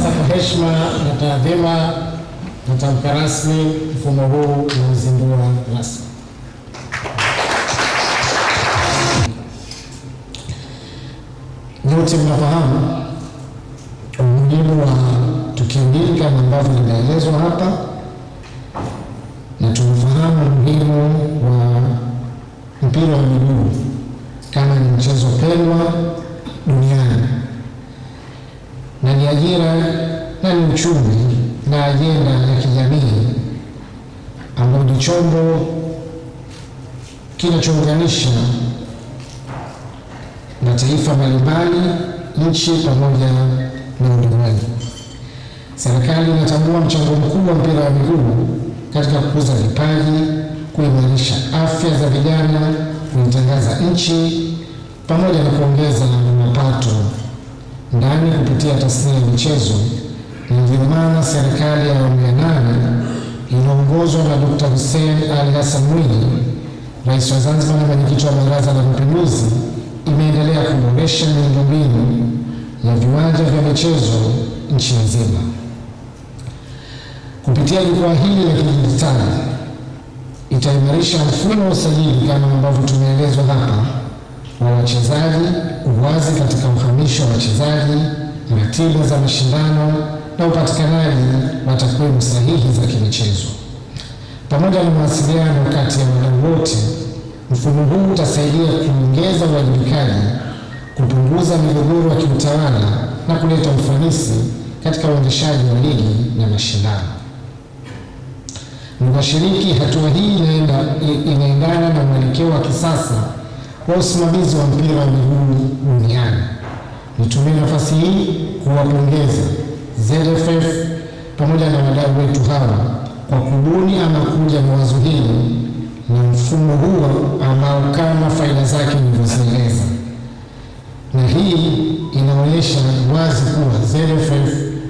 Sasa kwa heshima na taadhima, natamka rasmi mfumo huu unaozindua rasmi. Nyote mnafahamu umuhimu wa tukio hili kama ambavyo linaelezwa hapa, na tunafahamu umuhimu wa mpira wa miguu kama ni mchezo pendwa duniani ajira na ni uchumi na ajenda ya kijamii, ambayo ni chombo kinachounganisha mataifa mbalimbali, nchi pamoja na ulimwengu. Serikali inatambua mchango mkubwa wa mpira wa miguu katika kukuza vipaji, kuimarisha afya za vijana, kuitangaza nchi pamoja na kuongeza mapato ndani kupitia tasnia ya michezo, Ndio ndiyo maana serikali ya awamu ya nane inaongozwa na Dkt. Hussein Ali Hassan Mwinyi, rais wa Zanzibar na mwenyekiti wa Baraza la Mapinduzi, imeendelea kuboresha miundombinu ya viwanja vya michezo nchi nzima. Kupitia jukwaa hili la kidijitali, itaimarisha mfumo wa usajili kama ambavyo tumeelezwa hapa wa wachezaji, uwazi katika uhamisho wa wachezaji, ratiba za mashindano na upatikanaji wa takwimu sahihi za kimichezo pamoja na mawasiliano kati ya wadau wote. Mfumo huu utasaidia kuongeza uwajibikaji, kupunguza migogoro ya kiutawala na kuleta ufanisi katika uendeshaji wa ligi na mashindano. Ndugu washiriki, hatua hii inaendana na mwelekeo wa kisasa kwa usimamizi wa mpira wa miguu duniani. Nitumie nafasi hii kuwapongeza ZFF pamoja na wadau wetu hawa kwa kubuni ama kuja na wazo hili na mfumo huo ambao kama faida zake nilivyozieleza, na hii inaonyesha wazi kuwa ZFF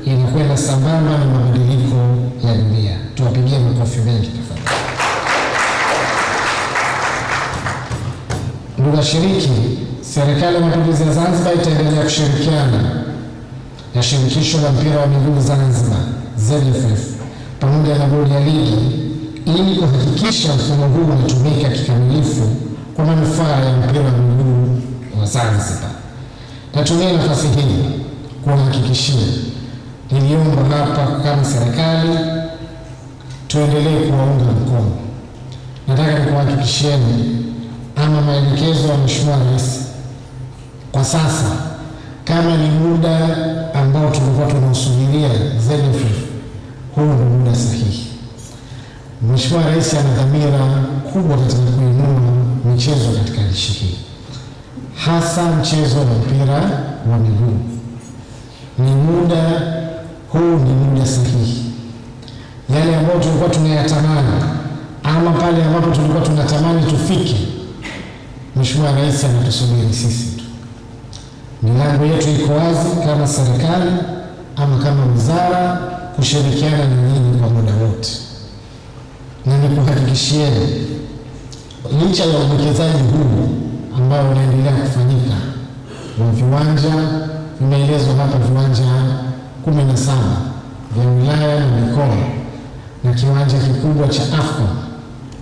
inakwenda sambamba na mabadiliko ya dunia. Tuwapigie makofi mengi tafadhali. Ndugu washiriki, Serikali ya Mapinduzi ya Zanzibar itaendelea kushirikiana na Shirikisho la Mpira wa Miguu Zanzibar ZFF pamoja na Bodi ya Ligi ili kuhakikisha mfumo huu unatumika kikamilifu kwa manufaa ya mpira wa miguu wa Zanzibar. Natumia nafasi hii kuwahakikishia niliomba hapa kama serikali tuendelee kuwaunga mkono. Nataka nikuhakikishieni ama maelekezo ya Mheshimiwa Rais kwa sasa, kama ni muda ambao tulikuwa tunausubiria ZFF, huu ni muda sahihi. Mheshimiwa Rais ana dhamira kubwa katika kuinua michezo katika nchi hii, hasa mchezo wa mpira wa miguu. Ni muda huu, ni muda sahihi. Yale ambayo tulikuwa tunayatamani ama pale ambapo tulikuwa tunatamani tufike Mheshimiwa Rais anatusubiri sisi tu. Milango yetu iko wazi kama serikali ama kama wizara kushirikiana na nyinyi kwa muda wote, na nikuhakikishieni, licha ya uwekezaji huu ambao unaendelea kufanyika wa viwanja, vimeelezwa hapa viwanja kumi na saba vya wilaya na mikoa na kiwanja kikubwa cha Afcon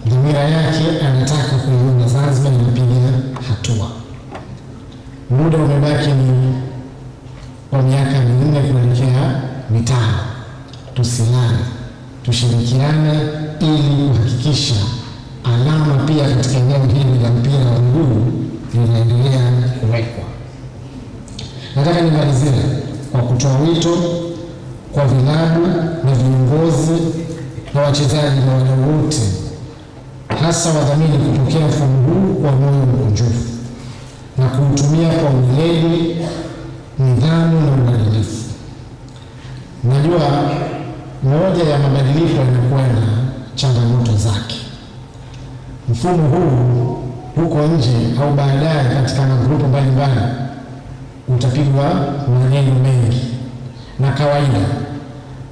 dhamira yake anataka kuiona Zanzibar inapiga hatua. Muda umebaki ni wa miaka minne kuelekea mitano. Tusilale, tushirikiane ili kuhakikisha alama pia katika eneo hili la mpira wa miguu linaendelea kuwekwa. Nataka nimalizie kwa kutoa wito kwa vilabu na viongozi na wachezaji na wadau wote hasa wadhamini kupokea mfumo huu kwa moyo mkunjufu na kuutumia kwa weledi, nidhamu na uadilifu. Najua moja ya mabadiliko yanakuwa na changamoto zake. Mfumo huu huko nje au baadaye katika magrupu mbalimbali utapigwa maneno mengi, na kawaida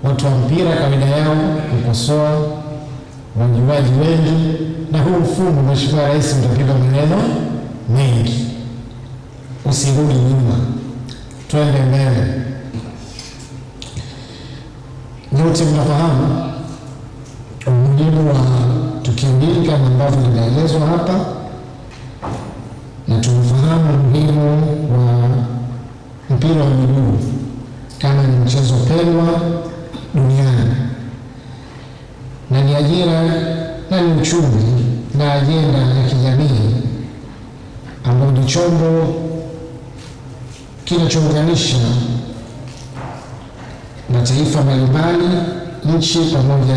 watu wa mpira kawaida yao kukosoa wajuaji wengi, na huu mfumo, Mheshimiwa Rais, utapigwa maneno mengi. Usirudi nyuma, twende mbele. Nyote mnafahamu umuhimu wa tukio hili kama ambavyo linaelezwa hapa, na tunafahamu umuhimu wa mpira wa miguu kama ni mchezo pendwa ajira na ni uchumi na ajenda ya kijamii, ambayo ni chombo kinachounganisha mataifa mbalimbali, nchi pamoja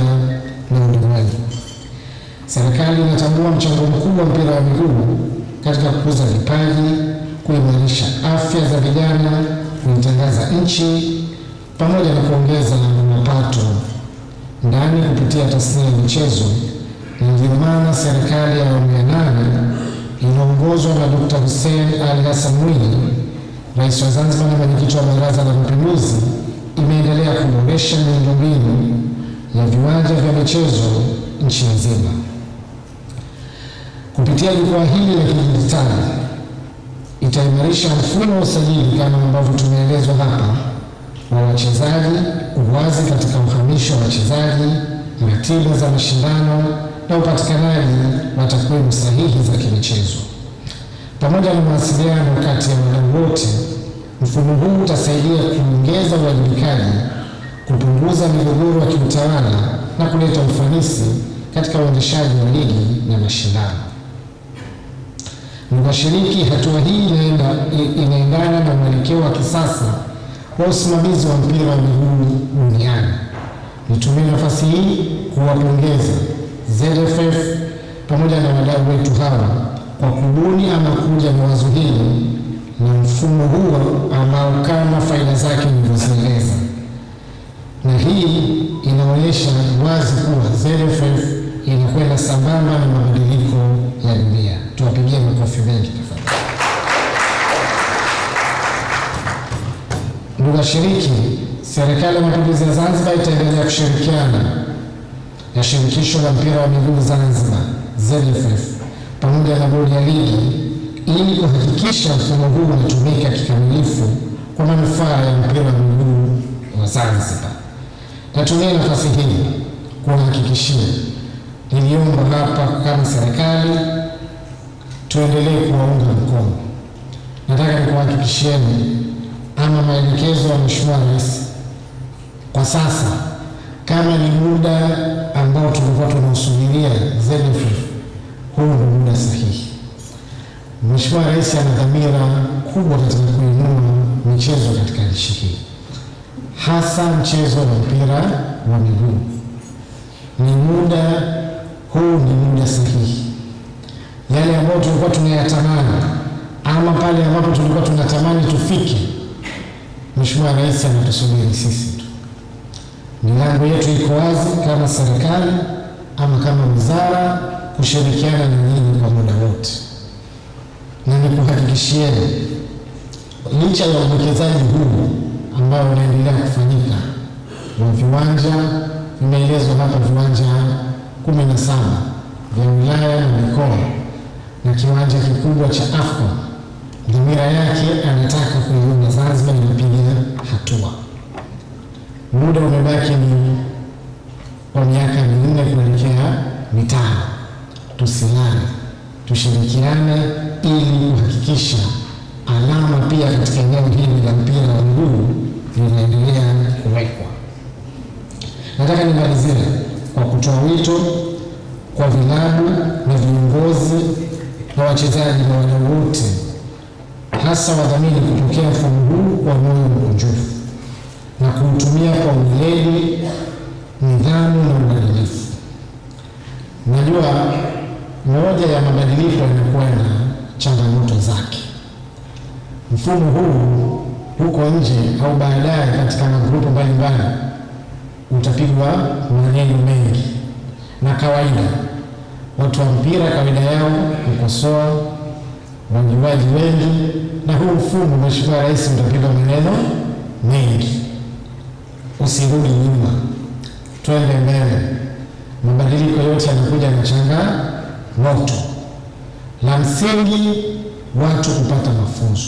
na ulimwengu. Serikali inatambua mchango mkubwa wa mpira wa miguu katika kukuza vipaji, kuimarisha afya za vijana, kuitangaza nchi pamoja na kuongeza kupitia tasnia ya michezo, ndio maana serikali ya awamu ya nane inaongozwa na Dkt. Hussein Ali Hassan Mwinyi, rais wa Zanzibar na mwenyekiti wa Baraza la Mapinduzi, imeendelea kuboresha miundombinu ya viwanja vya michezo nchi nzima. Kupitia jukwaa hili la kidijitali, itaimarisha mfumo wa usajili kama ambavyo tumeelezwa hapa wa wachezaji, uwazi katika uhamisho wa wachezaji ratiba za mashindano na upatikanaji wa takwimu sahihi za kimichezo pamoja na mawasiliano kati ya wadau wote. Mfumo huu utasaidia kuongeza uwajibikaji, kupunguza migogoro ya kiutawala na kuleta ufanisi katika uendeshaji wa ligi na mashindano. Mashiriki, hatua hii inaendana na mwelekeo wa kisasa wa usimamizi wa mpira wa miguu duniani Nitumie nafasi hii kuwapongeza ZFF pamoja na wadau wetu hawa kwa kubuni ama kuja na wazo hili na mfumo huo ambao kama faida zake nilivyozieleza, na hii inaonyesha wazi kuwa ZFF inakwenda sambamba na mabadiliko ya dunia. Tuwapigie makofi mengi tafadhali. washiriki Serikali ya Mapinduzi ya Zanzibar itaendelea kushirikiana na Shirikisho la Mpira wa Miguu Zanzibar ZFF pamoja na Bodi ya Ligi ili kuhakikisha mfumo huu unatumika kikamilifu kwa manufaa ya mpira wa miguu wa Zanzibar. Natumia nafasi hii kuwahakikishia niliomba hapa kama serikali tuendelee kuwaunga mkono. Nataka nikuhakikishieni ama maelekezo ya Mheshimiwa Rais kwa sasa, kama ni muda ambao tulikuwa tunausubiria ZFF, huu ni muda sahihi. Mheshimiwa Rais ana dhamira kubwa katika kuinua michezo katika nchi hii, hasa mchezo wa mpira wa miguu. Ni muda huu, ni muda sahihi. Yale ambayo tulikuwa tunayatamani ama pale ambapo tulikuwa tunatamani tufike Mheshimiwa Rais anatusubiri sisi tu, milango yetu iko wazi kama serikali ama kama wizara kushirikiana na nyinyi kwa muda wote, na nikuhakikishieni, licha ya uwekezaji huu ambao unaendelea kufanyika wa viwanja, vimeelezwa hapa viwanja kumi na saba vya wilaya na mikoa na kiwanja kikubwa cha AFCON dhamira yake anataka kuiona Zanzibar inapiga hatua. Muda umebaki ni kwa miaka minne kuelekea mitano. Tusilale, tushirikiane ili kuhakikisha alama pia katika eneo hili la mpira wa miguu linaendelea kuwekwa. Nataka nimalizie kwa kutoa wito kwa vilabu na viongozi na wachezaji na wadau wote hasa wadhamini kupokea mfumo huu kwa moyo mkunjufu na kuutumia kwa weledi, nidhamu na uadilifu. Najua moja ya mabadiliko yanakuwa na changamoto zake. Mfumo huu huko nje au baadaye katika magrupu mbalimbali utapigwa maneno mengi, na kawaida watu wa mpira kawaida yao kukosoa wajuaji wengi, na huu mfumo, Mheshimiwa Rais, utapigwa maneno mengi. Usirudi nyuma, twende mbele. Mabadiliko yote yanakuja na moto La msingi, watu kupata mafunzo,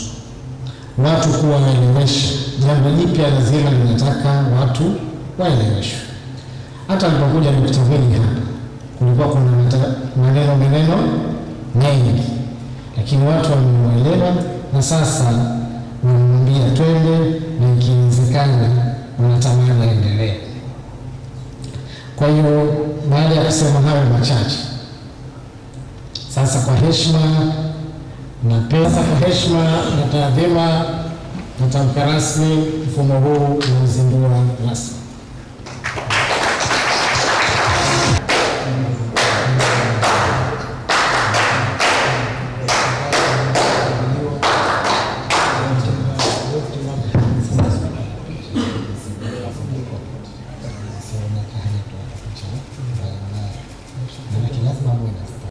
watu kuwa waelewesha jambo jipya, lazima linataka watu waeleweshwe. Hata alipokuja Dkt. Mwinyi hapa kulikuwa kuna maneno maneno mengi lakini watu wamemwelewa, na sasa wanamwambia twende, na ikiwezekana wanatamani aendelee. Kwa hiyo baada ya kusema hayo machache, sasa kwa heshima na pesa, kwa heshima na taadhima, natamka rasmi mfumo huu unaozindua rasmi.